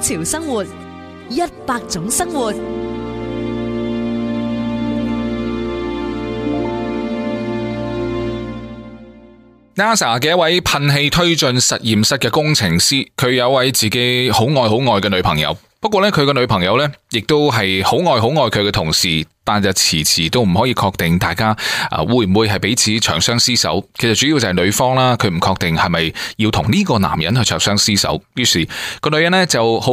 潮生活，一百種生活。NASA 嘅一位噴氣推進實驗室嘅工程師，佢有一位自己好愛好愛嘅女朋友。不過呢，佢嘅女朋友呢，亦都係好愛好愛佢嘅同事。但就遲遲都唔可以確定，大家啊會唔會係彼此長相廝守？其實主要就係女方啦，佢唔確定係咪要同呢個男人去長相廝守，於是個女人咧就好。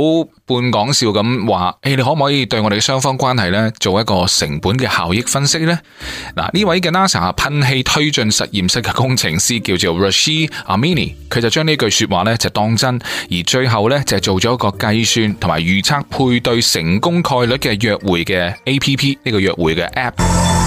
半講笑咁話，誒，你可唔可以對我哋嘅雙方關係咧做一個成本嘅效益分析呢？嗱，呢位嘅 NASA 噴氣推進實驗室嘅工程師叫做 Rashi Amini，佢就將呢句說話咧就當真，而最後呢，就係做咗一個計算同埋預測配對成功概率嘅約會嘅 App，呢個約會嘅 App。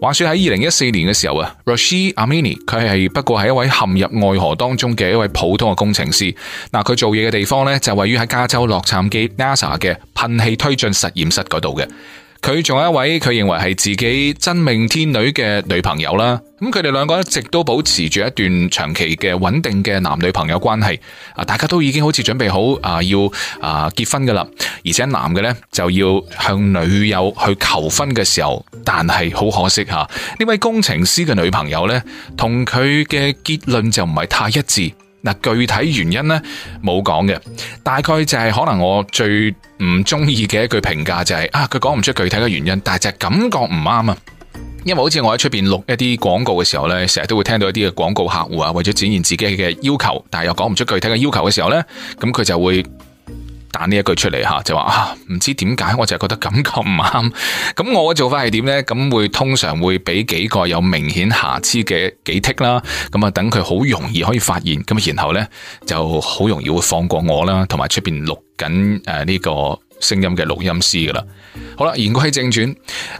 話說喺二零一四年嘅時候啊，Roshi Amini，佢係不過係一位陷入愛河當中嘅一位普通嘅工程師。嗱，佢做嘢嘅地方咧就位於喺加州洛杉磯 NASA 嘅噴氣推進實驗室嗰度嘅。佢仲有一位佢認為係自己真命天女嘅女朋友啦，咁佢哋兩個一直都保持住一段長期嘅穩定嘅男女朋友關係，啊，大家都已經好似準備好啊要啊結婚㗎喇，而且男嘅呢就要向女友去求婚嘅時候，但係好可惜吓，呢位工程師嘅女朋友呢，同佢嘅結論就唔係太一致。嗱，具體原因呢冇講嘅，大概就係可能我最唔中意嘅一句評價就係、是、啊，佢講唔出具體嘅原因，但係就係感覺唔啱啊，因為好似我喺出邊錄一啲廣告嘅時候呢，成日都會聽到一啲嘅廣告客戶啊，為咗展現自己嘅要求，但係又講唔出具體嘅要求嘅時候呢，咁佢就會。彈呢一句出嚟吓，就話啊唔知點解，我就係覺得感覺唔啱。咁我嘅做法係點咧？咁會通常會俾幾個有明顯瑕疵嘅幾剔啦。咁啊，等佢好容易可以發現，咁啊，然後咧就好容易會放過我啦，同埋出邊錄緊誒呢個。聲音嘅錄音師㗎喇，好啦，言歸正傳，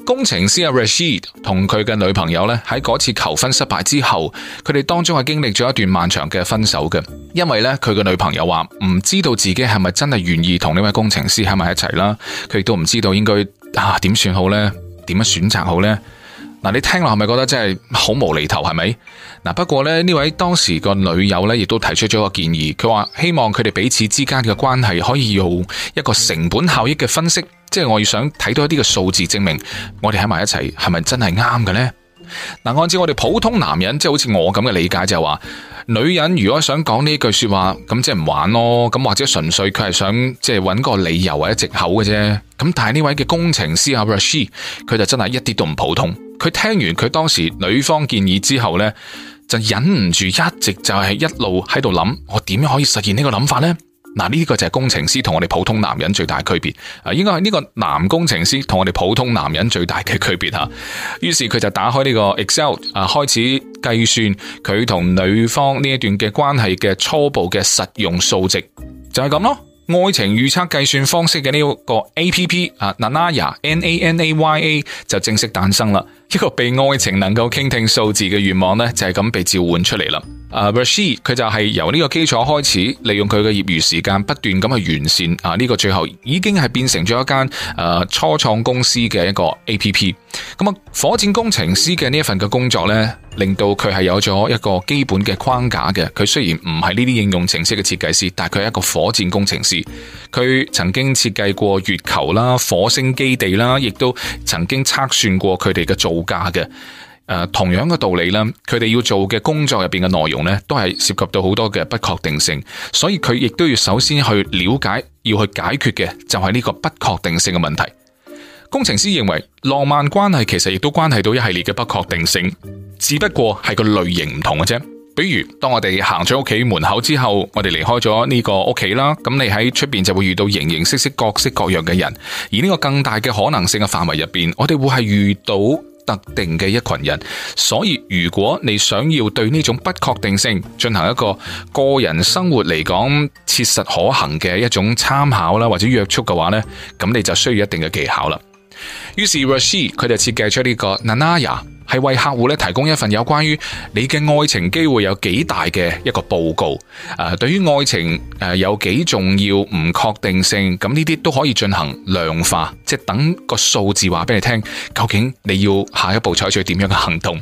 工程師阿 Rashid 同佢嘅女朋友呢，喺嗰次求婚失敗之後，佢哋當中係經歷咗一段漫長嘅分手嘅，因為呢，佢嘅女朋友話唔知道自己係咪真係願意同呢位工程師喺埋一齊啦，佢亦都唔知道應該啊點算好呢，點樣選擇好呢？你聽落係咪覺得真係好無厘頭？係咪嗱？不過咧，呢位當時個女友咧，亦都提出咗一個建議，佢話希望佢哋彼此之間嘅關係可以用一個成本效益嘅分析，即係我要想睇到一啲嘅數字證明我哋喺埋一齊係咪真係啱嘅咧？嗱，按照我哋普通男人，即係好似我咁嘅理解就係話，女人如果想講呢句說話，咁即係唔玩咯，咁或者純粹佢係想即係搵個理由或者借口嘅啫。咁但係呢位嘅工程師啊，Rashi，佢就真係一啲都唔普通。佢聽完佢當時女方建議之後呢，就忍唔住一直就係一路喺度諗，我點樣可以實現呢個諗法呢？」嗱，呢個就係工程師同我哋普通男人最大區別啊，應該係呢個男工程師同我哋普通男人最大嘅區別吓。於是佢就打開呢個 Excel 啊，開始計算佢同女方呢一段嘅關係嘅初步嘅實用數值，就係咁咯。愛情預測計算方式嘅呢個 A P P 啊，娜娜雅 N A N A Y A 就正式誕生啦。一個被愛情能夠傾聽數字嘅願望呢，就係咁被召喚出嚟啦。啊佢、e, 就係由呢個基礎開始，利用佢嘅業餘時間不斷咁去完善。啊，呢個最後已經係變成咗一間誒初創公司嘅一個 App。咁啊，火箭工程師嘅呢一份嘅工作呢，令到佢係有咗一個基本嘅框架嘅。佢雖然唔係呢啲應用程式嘅設計師，但係佢係一個火箭工程師。佢曾經設計過月球啦、火星基地啦，亦都曾經測算過佢哋嘅造價嘅誒，同樣嘅道理啦，佢哋要做嘅工作入邊嘅內容咧，都係涉及到好多嘅不確定性，所以佢亦都要首先去了解，要去解決嘅就係呢個不確定性嘅問題。工程師認為，浪漫關係其實亦都關係到一系列嘅不確定性，只不過係個類型唔同嘅啫。比如，當我哋行咗屋企門口之後，我哋離開咗呢個屋企啦，咁你喺出邊就會遇到形形色色、各式各樣嘅人，而呢個更大嘅可能性嘅範圍入邊，我哋會係遇到。特定嘅一群人，所以如果你想要對呢種不確定性進行一個個人生活嚟講切實可行嘅一種參考啦，或者約束嘅話呢，咁你就需要一定嘅技巧啦。於是 Rashi 佢就設計出呢個 Nanaya。係為客戶咧提供一份有關於你嘅愛情機會有幾大嘅一個報告，誒，對於愛情誒有幾重要唔確定性，咁呢啲都可以進行量化，即係等個數字話俾你聽，究竟你要下一步採取點樣嘅行動。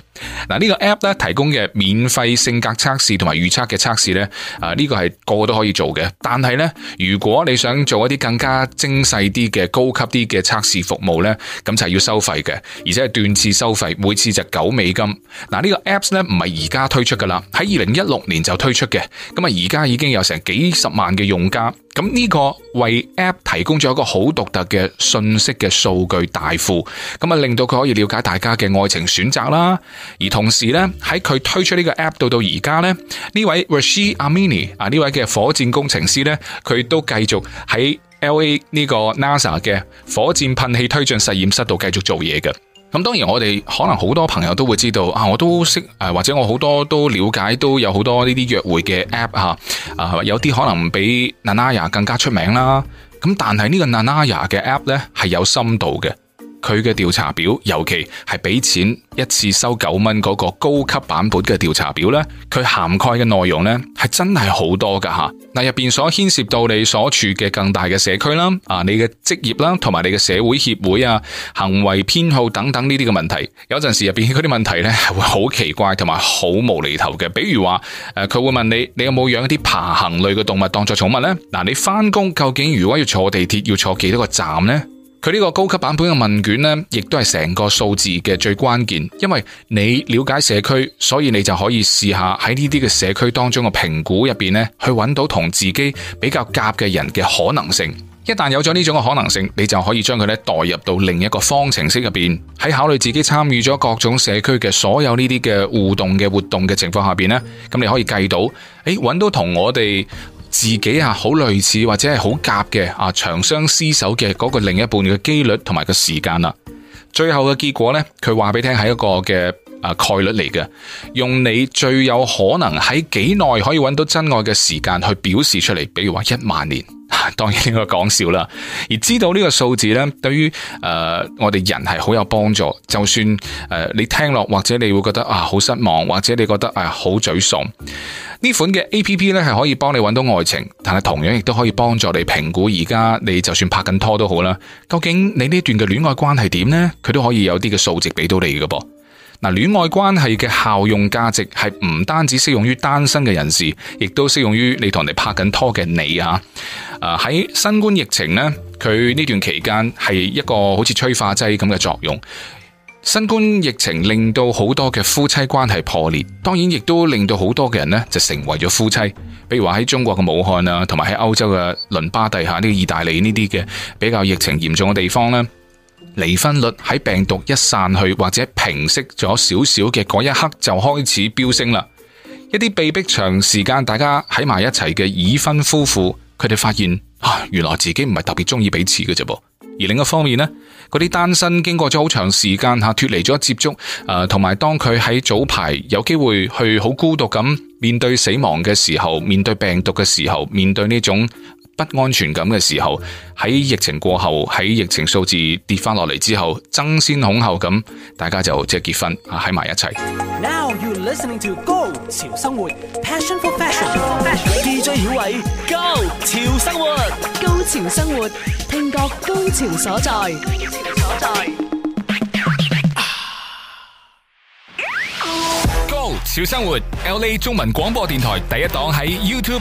嗱，呢個 app 咧提供嘅免費性格測試同埋預測嘅測試呢，啊、這、呢個係個個都可以做嘅，但係呢，如果你想做一啲更加精細啲嘅高級啲嘅測試服務呢，咁就係要收費嘅，而且係斷次收費，每次。九美金。嗱，呢個 apps 咧唔係而家推出噶啦，喺二零一六年就推出嘅，咁啊而家已經有成幾十萬嘅用家，咁呢個為 app 提供咗一個好獨特嘅信息嘅數據大庫，咁啊令到佢可以了解大家嘅愛情選擇啦，而同時咧喺佢推出呢個 app 到到而家咧，呢位 Rashid Amini 啊呢位嘅火箭工程師咧，佢都繼續喺 LA 呢個 NASA 嘅火箭噴氣推進實驗室度繼續做嘢嘅。咁當然我哋可能好多朋友都會知道啊，我都識誒，或者我好多都了解，都有好多呢啲約會嘅 app 吓，啊，有啲可能比 Nanaia 更加出名啦。咁但係呢個 Nanaia 嘅 app 咧係有深度嘅。佢嘅調查表，尤其係俾錢一次收九蚊嗰個高級版本嘅調查表呢，佢涵蓋嘅內容呢係真係好多噶吓。嗱，入邊所牽涉到你所處嘅更大嘅社區啦，啊，你嘅職業啦，同埋你嘅社會協會啊，行為偏好等等呢啲嘅問題，有陣時入邊嗰啲問題呢係會好奇怪同埋好無厘頭嘅。比如話，誒，佢會問你，你有冇養一啲爬行類嘅動物當作寵物呢？嗱，你翻工究竟如果要坐地鐵要坐幾多個站呢？佢呢個高級版本嘅問卷呢，亦都係成個數字嘅最關鍵，因為你了解社區，所以你就可以試下喺呢啲嘅社區當中嘅評估入邊呢，去揾到同自己比較夾嘅人嘅可能性。一旦有咗呢種嘅可能性，你就可以將佢呢代入到另一個方程式入邊，喺考慮自己參與咗各種社區嘅所有呢啲嘅互動嘅活動嘅情況下邊呢，咁你可以計到，誒，揾到同我哋自己啊，好類似或者係好夾嘅啊，長相廝守嘅嗰個另一半嘅幾率同埋個時間啦、啊。最後嘅結果呢，佢話俾你聽係一個嘅啊概率嚟嘅，用你最有可能喺幾耐可以揾到真愛嘅時間去表示出嚟，比如話一萬年。當然呢個講笑啦，而知道呢個數字呢，對於誒我哋人係好有幫助。就算誒、呃、你聽落，或者你會覺得啊好失望，或者你覺得誒好沮喪，呢、啊、款嘅 App 呢係可以幫你揾到愛情，但係同樣亦都可以幫助你評估而家你就算拍緊拖都好啦，究竟你呢段嘅戀愛關係點呢？佢都可以有啲嘅數值俾到你嘅噃。嗱，戀愛關係嘅效用價值係唔單止適用於單身嘅人士，亦都適用於你同人拍緊拖嘅你啊！喺新冠疫情呢，佢呢段期間係一個好似催化劑咁嘅作用。新冠疫情令到好多嘅夫妻關係破裂，當然亦都令到好多嘅人呢就成為咗夫妻。比如話喺中國嘅武漢啊，同埋喺歐洲嘅倫巴第下呢個意大利呢啲嘅比較疫情嚴重嘅地方呢。離婚率喺病毒一散去或者平息咗少少嘅嗰一刻就開始飆升啦。一啲被迫長時間大家喺埋一齊嘅已婚夫婦，佢哋發現啊，原來自己唔係特別中意彼此嘅啫噃。而另一方面，呢嗰啲單身經過咗好長時間吓脫離咗接觸，誒、啊，同埋當佢喺早排有機會去好孤獨咁面對死亡嘅時候，面對病毒嘅時候，面對呢種。不安全感嘅時候，喺疫情過後，喺疫情數字跌翻落嚟之後，爭先恐後咁，大家就即係結婚，喺埋一齊。Now you listening to Go，潮生活，Passion for fashion，DJ 曉偉，Go 潮生活，高潮生活，聽覺高潮所在，高潮所在。啊、Go 潮生活，LA 中文廣播電台第一檔喺 YouTube。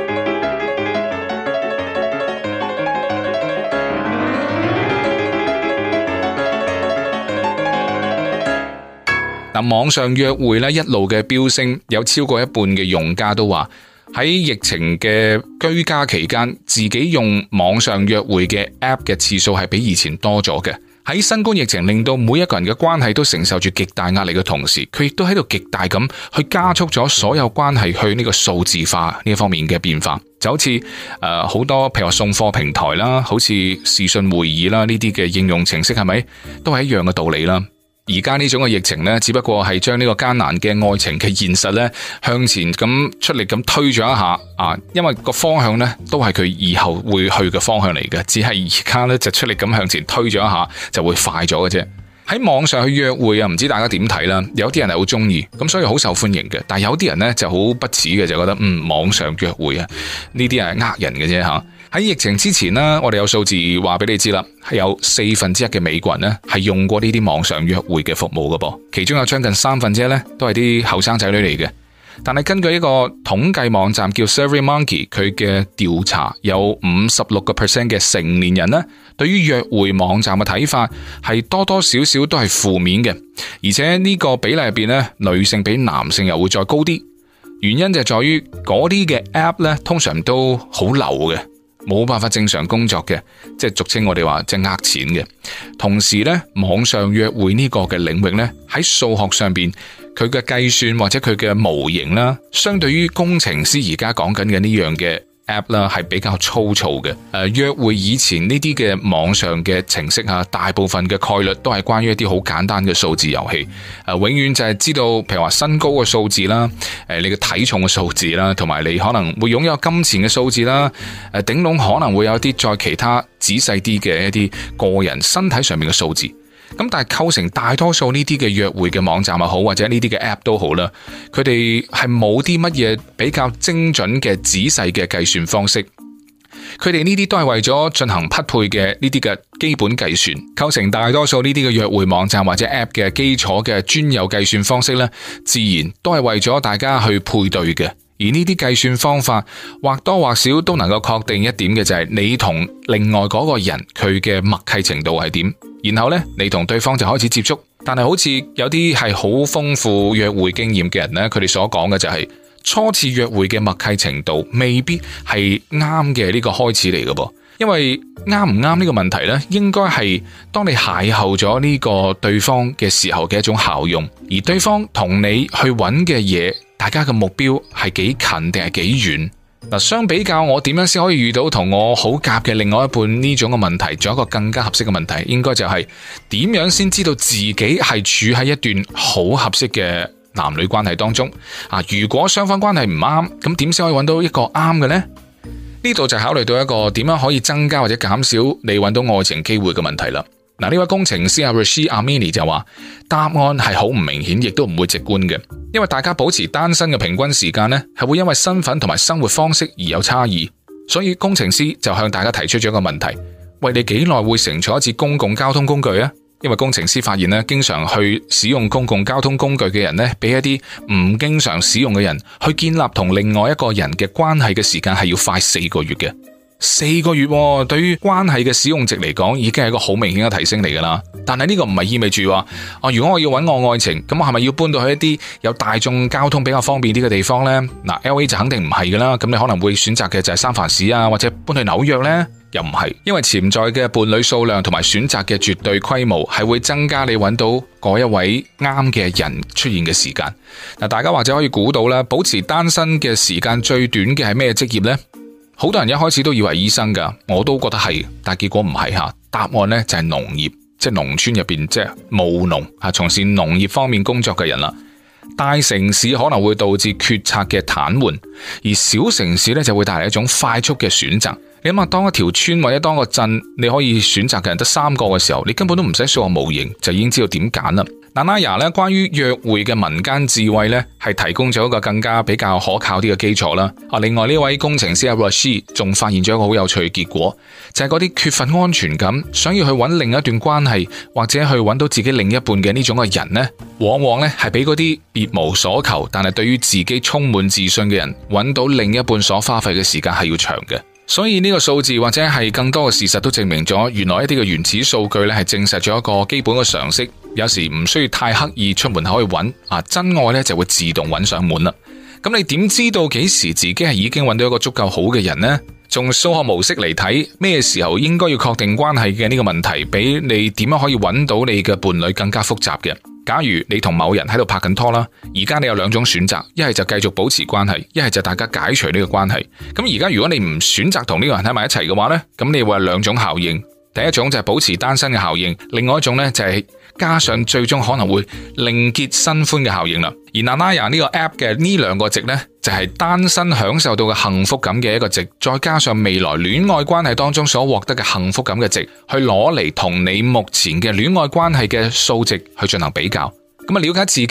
網上約會咧，一路嘅飆升，有超過一半嘅用家都話喺疫情嘅居家期間，自己用網上約會嘅 App 嘅次數係比以前多咗嘅。喺新冠疫情令到每一個人嘅關係都承受住極大壓力嘅同時，佢亦都喺度極大咁去加速咗所有關係去呢個數字化呢一方面嘅變化。就好似誒好多，譬如話送貨平台啦、好似視訊會議啦呢啲嘅應用程式，係咪都係一樣嘅道理啦？而家呢種嘅疫情呢，只不過係將呢個艱難嘅愛情嘅現實呢向前咁出力咁推咗一下啊！因為個方向呢都係佢以後會去嘅方向嚟嘅，只係而家呢就出力咁向前推咗一下就會快咗嘅啫。喺網上去約會啊，唔知大家點睇啦？有啲人係好中意，咁所以好受歡迎嘅。但係有啲人呢就好不恥嘅，就覺得嗯網上約會啊呢啲係呃人嘅啫吓。喺疫情之前咧，我哋有數字話俾你知啦，係有四分之一嘅美國人呢係用過呢啲網上約會嘅服務噶噃，其中有將近三分之一呢都係啲後生仔女嚟嘅。但係根據一個統計網站叫 Survey Monkey，佢嘅調查有五十六個 percent 嘅成年人呢對於約會網站嘅睇法係多多少少都係負面嘅。而且呢個比例入邊呢，女性比男性又會再高啲。原因就在於嗰啲嘅 app 呢通常都好流嘅。冇辦法正常工作嘅，即係俗稱我哋話，即係呃錢嘅。同時咧，網上約會呢個嘅領域咧，喺數學上邊佢嘅計算或者佢嘅模型啦，相對於工程師而家講緊嘅呢樣嘅。app 啦，係比較粗糙嘅。誒，約會以前呢啲嘅網上嘅程式啊，大部分嘅概率都係關於一啲好簡單嘅數字遊戲。誒，永遠就係知道，譬如話身高嘅數字啦，誒，你嘅體重嘅數字啦，同埋你可能會擁有金錢嘅數字啦。誒，頂籠可能會有啲再其他仔細啲嘅一啲個人身體上面嘅數字。咁但係構成大多數呢啲嘅約會嘅網站又好，或者呢啲嘅 App 都好啦，佢哋係冇啲乜嘢比較精準嘅仔細嘅計算方式。佢哋呢啲都係為咗進行匹配嘅呢啲嘅基本計算，構成大多數呢啲嘅約會網站或者 App 嘅基礎嘅專有計算方式呢，自然都係為咗大家去配對嘅。而呢啲計算方法或多或少都能夠確定一點嘅就係你同另外嗰個人佢嘅默契程度係點，然後呢，你同對方就開始接觸，但係好似有啲係好豐富約會經驗嘅人呢，佢哋所講嘅就係初次約會嘅默契程度未必係啱嘅呢個開始嚟嘅噃，因為啱唔啱呢個問題呢，應該係當你邂逅咗呢個對方嘅時候嘅一種效用，而對方同你去揾嘅嘢。大家嘅目標係幾近定係幾遠嗱？相比較，我點樣先可以遇到同我好夾嘅另外一半呢種嘅問題，仲有一個更加合適嘅問題，應該就係點樣先知道自己係處喺一段好合適嘅男女關係當中啊？如果雙方關係唔啱，咁點先可以揾到一個啱嘅呢？呢度就考慮到一個點樣可以增加或者減少你揾到愛情機會嘅問題啦。嗱，呢位工程師阿 Rishi Ammini 就話答案係好唔明顯，亦都唔會直觀嘅。因為大家保持單身嘅平均時間咧，係會因為身份同埋生活方式而有差異，所以工程師就向大家提出咗一個問題，喂，你幾耐會乘坐一次公共交通工具啊？因為工程師發現咧，經常去使用公共交通工具嘅人咧，比一啲唔經常使用嘅人去建立同另外一個人嘅關係嘅時間，係要快四個月嘅。四個月，對於關係嘅使用值嚟講，已經係一個好明顯嘅提升嚟噶啦。但係呢個唔係意味住話，啊，如果我要揾我愛情，咁我係咪要搬到去一啲有大眾交通比較方便啲嘅地方呢？嗱，L.A. 就肯定唔係噶啦。咁你可能會選擇嘅就係三藩市啊，或者搬去紐約呢？又唔係，因為潛在嘅伴侶數量同埋選擇嘅絕對規模係會增加你揾到嗰一位啱嘅人出現嘅時間。嗱，大家或者可以估到啦，保持單身嘅時間最短嘅係咩職業呢？好多人一開始都以為醫生噶，我都覺得係，但係結果唔係吓，答案呢就係農業，即係農村入邊即係務農吓，從事農業方面工作嘅人啦。大城市可能會導致決策嘅癱瘓，而小城市呢就會帶嚟一種快速嘅選擇。你諗下，當一條村或者當個鎮，你可以選擇嘅人得三個嘅時候，你根本都唔使數學模型就已經知道點揀啦。娜娜亞咧，關於約會嘅民間智慧咧，係提供咗一個更加比較可靠啲嘅基礎啦。另外呢位工程師阿 r a 仲發現咗一個好有趣嘅結果，就係嗰啲缺乏安全感，想要去揾另一段關係或者去揾到自己另一半嘅呢種嘅人咧，往往咧係比嗰啲別無所求，但係對於自己充滿自信嘅人揾到另一半所花費嘅時間係要長嘅。所以呢個數字或者係更多嘅事實都證明咗，原來一啲嘅原始數據咧係證實咗一個基本嘅常識。有時唔需要太刻意出門口去揾啊，真愛咧就會自動揾上門啦。咁你點知道幾時自己係已經揾到一個足夠好嘅人呢？從數學模式嚟睇，咩時候應該要確定關係嘅呢個問題，比你點樣可以揾到你嘅伴侶更加複雜嘅。假如你同某人喺度拍緊拖啦，而家你有兩種選擇，一係就繼續保持關係，一係就大家解除呢個關係。咁而家如果你唔選擇同呢個人喺埋一齊嘅話呢，咁你會有兩種效應，第一種就係保持單身嘅效應，另外一種呢就係、是。加上最終可能會另結新歡嘅效應啦，而 n a n a a 呢個 app 嘅呢兩個值呢，就係、是、單身享受到嘅幸福感嘅一個值，再加上未來戀愛關係當中所獲得嘅幸福感嘅值，去攞嚟同你目前嘅戀愛關係嘅數值去進行比較，咁啊了解自己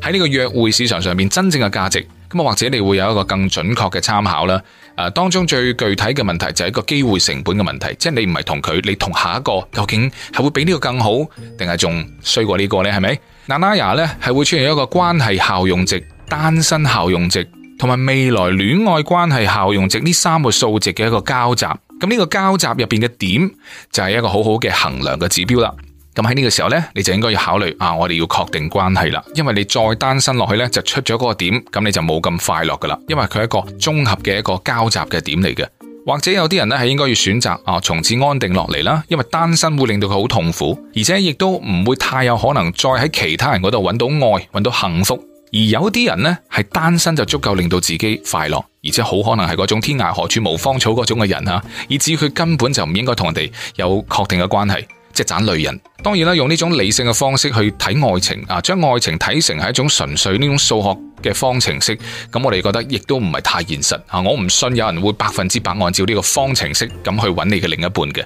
喺呢個約會市場上面真正嘅價值，咁啊或者你會有一個更準確嘅參考啦。誒，當中最具體嘅問題就係一個機會成本嘅問題，即係你唔係同佢，你同下一個究竟係會比呢個更好，定係仲衰過呢個呢？係咪？n a a 呢係會出現一個關係效用值、單身效用值同埋未來戀愛關係效用值呢三個數值嘅一個交集，咁呢個交集入邊嘅點就係一個好好嘅衡量嘅指標啦。咁喺呢個時候咧，你就應該要考慮啊，我哋要確定關係啦。因為你再單身落去咧，就出咗嗰個點，咁你就冇咁快樂噶啦。因為佢係一個綜合嘅一個交集嘅點嚟嘅，或者有啲人咧係應該要選擇啊，從此安定落嚟啦。因為單身會令到佢好痛苦，而且亦都唔會太有可能再喺其他人嗰度揾到愛、揾到幸福。而有啲人咧係單身就足夠令到自己快樂，而且好可能係嗰種天涯何處無芳草嗰種嘅人啊，以至佢根本就唔應該同人哋有確定嘅關係。即係斬女人，當然啦，用呢種理性嘅方式去睇愛情啊，將愛情睇成係一種純粹呢種數學嘅方程式，咁我哋覺得亦都唔係太現實啊！我唔信有人會百分之百按照呢個方程式咁去揾你嘅另一半嘅。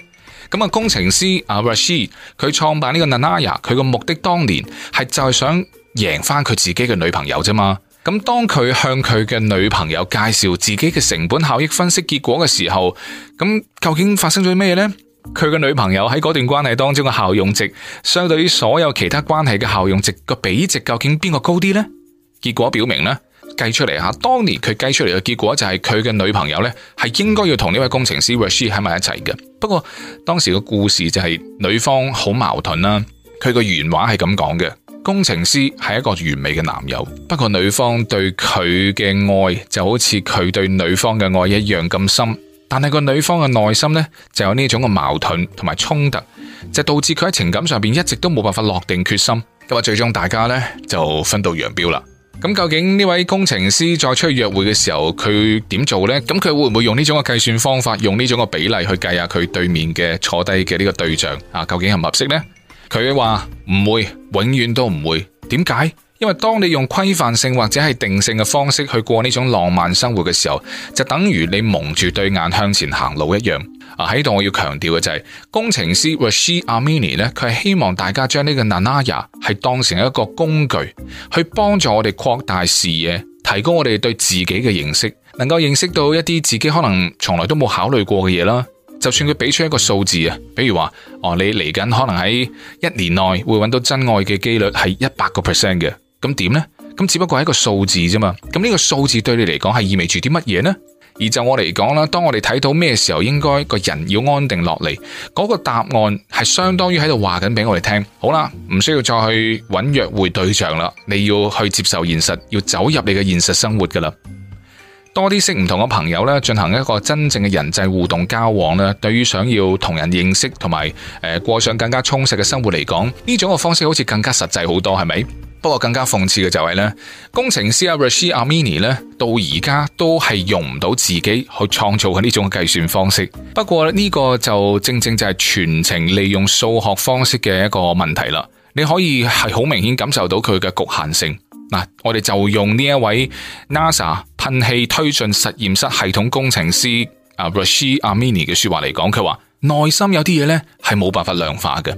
咁啊，工程師阿 Rashid 佢創辦呢個 Nanaya 佢個目的當年係就係想贏翻佢自己嘅女朋友啫嘛。咁當佢向佢嘅女朋友介紹自己嘅成本效益分析結果嘅時候，咁究竟發生咗咩呢？佢嘅女朋友喺嗰段關係當中嘅效用值，相對於所有其他關係嘅效用值個比值，究竟邊個高啲呢？結果表明，呢計出嚟吓，當年佢計出嚟嘅結果就係佢嘅女朋友咧，係應該要同呢位工程師或者喺埋一齊嘅。不過當時個故事就係、是、女方好矛盾啦。佢個原話係咁講嘅：工程師係一個完美嘅男友，不過女方對佢嘅愛就好似佢對女方嘅愛一樣咁深。但係個女方嘅內心呢，就有呢種嘅矛盾同埋衝突，就是、導致佢喺情感上邊一直都冇辦法落定決心，咁啊，最終大家呢，就分道揚鑣啦。咁究竟呢位工程師再出去約會嘅時候，佢點做呢？咁佢會唔會用呢種嘅計算方法，用呢種嘅比例去計下佢對面嘅坐低嘅呢個對象啊？究竟合唔合適呢？佢話唔會，永遠都唔會。點解？因為當你用規範性或者係定性嘅方式去過呢種浪漫生活嘅時候，就等於你蒙住對眼向前行路一樣。啊，喺度我要強調嘅就係、是、工程師 Rashid Amini 呢，佢係希望大家將呢個 Nanaya 係當成一個工具，去幫助我哋擴大視野，提高我哋對自己嘅認識，能夠認識到一啲自己可能從來都冇考慮過嘅嘢啦。就算佢俾出一個數字啊，比如話哦，你嚟緊可能喺一年內會揾到真愛嘅幾率係一百個 percent 嘅。咁點呢？咁只不過係一個數字啫嘛。咁呢個數字對你嚟講係意味住啲乜嘢呢？而就我嚟講啦，當我哋睇到咩時候應該個人要安定落嚟，嗰個答案係相當於喺度話緊俾我哋聽。好啦，唔需要再去揾約會對象啦，你要去接受現實，要走入你嘅現實生活噶啦。多啲識唔同嘅朋友咧，進行一個真正嘅人際互動交往咧，對於想要同人認識同埋誒過上更加充實嘅生活嚟講，呢種嘅方式好似更加實際好多，係咪？不過更加諷刺嘅就係咧，工程師阿 Rashi Amini 咧到而家都係用唔到自己去創造嘅呢種計算方式。不過呢個就正正就係全程利用數學方式嘅一個問題啦。你可以係好明顯感受到佢嘅局限性。嗱，我哋就用呢一位 NASA 噴氣推進實驗室系統工程師啊 Rashid Amini 嘅說話嚟講，佢話內心有啲嘢咧係冇辦法量化嘅。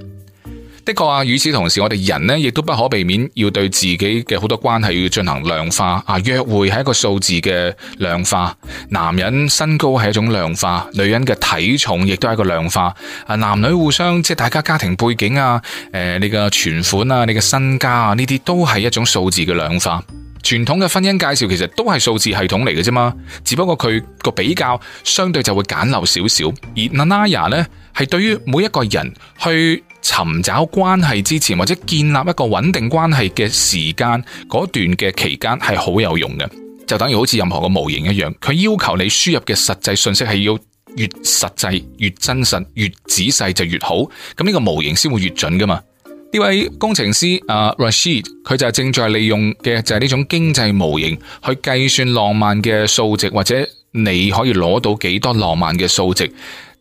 的確啊，與此同時，我哋人呢亦都不可避免要對自己嘅好多關係要進行量化啊。約會係一個數字嘅量化，男人身高係一種量化，女人嘅體重亦都係一個量化。啊，男女互相即係大家家庭背景啊，誒、呃，你嘅存款啊，你嘅身家啊，呢啲都係一種數字嘅量化。傳統嘅婚姻介紹其實都係數字系統嚟嘅啫嘛，只不過佢個比較相對就會簡陋少少，而 Nanaya 呢，係對於每一個人去。尋找關係之前，或者建立一個穩定關係嘅時間嗰段嘅期間係好有用嘅，就等於好似任何個模型一樣，佢要求你輸入嘅實際信息係要越實際、越真實、越仔細就越好，咁呢個模型先會越準噶嘛。呢位工程師啊，Rashid 佢就係正在利用嘅就係呢種經濟模型去計算浪漫嘅數值，或者你可以攞到幾多浪漫嘅數值。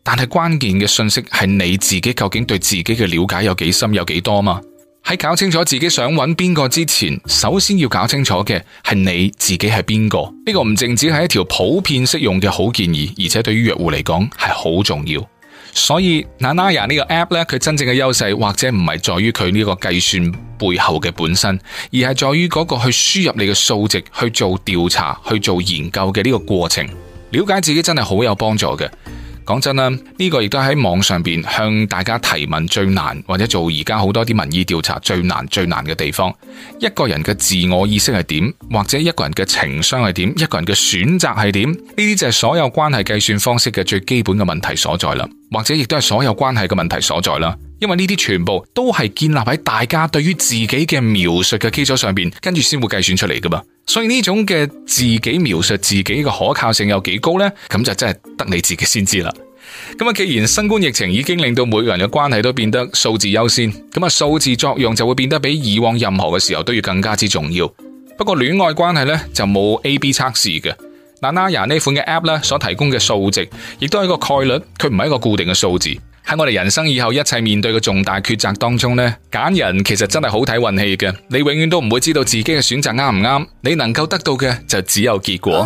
但係關鍵嘅信息係你自己究竟對自己嘅了解有幾深有幾多嘛？喺搞清楚自己想揾邊個之前，首先要搞清楚嘅係你自己係邊個。呢個唔淨止係一條普遍適用嘅好建議，而且對於用戶嚟講係好重要。所以 Nanaya 呢個 app 咧，佢真正嘅優勢或者唔係在於佢呢個計算背後嘅本身，而係在於嗰個去輸入你嘅數值去做調查、去做研究嘅呢個過程。了解自己真係好有幫助嘅。講真啦，呢個亦都喺網上邊向大家提問最難，或者做而家好多啲民意調查最難、最難嘅地方。一個人嘅自我意識係點，或者一個人嘅情商係點，一個人嘅選擇係點，呢啲就係所有關係計算方式嘅最基本嘅問題所在啦，或者亦都係所有關係嘅問題所在啦。因為呢啲全部都係建立喺大家對於自己嘅描述嘅基礎上邊，跟住先會計算出嚟噶嘛。所以呢種嘅自己描述自己嘅可靠性有幾高呢？咁就真係得你自己先知啦。咁啊，既然新冠疫情已經令到每個人嘅關係都變得數字優先，咁啊數字作用就會變得比以往任何嘅時候都要更加之重要。不過戀愛關係呢，就冇 A B 測試嘅。嗱，Naya 呢款嘅 App 呢，所提供嘅數值，亦都係一個概率，佢唔係一個固定嘅數字。喺我哋人生以後一切面對嘅重大抉擇當中呢，揀人其實真係好睇運氣嘅。你永遠都唔會知道自己嘅選擇啱唔啱，你能夠得到嘅就只有結果。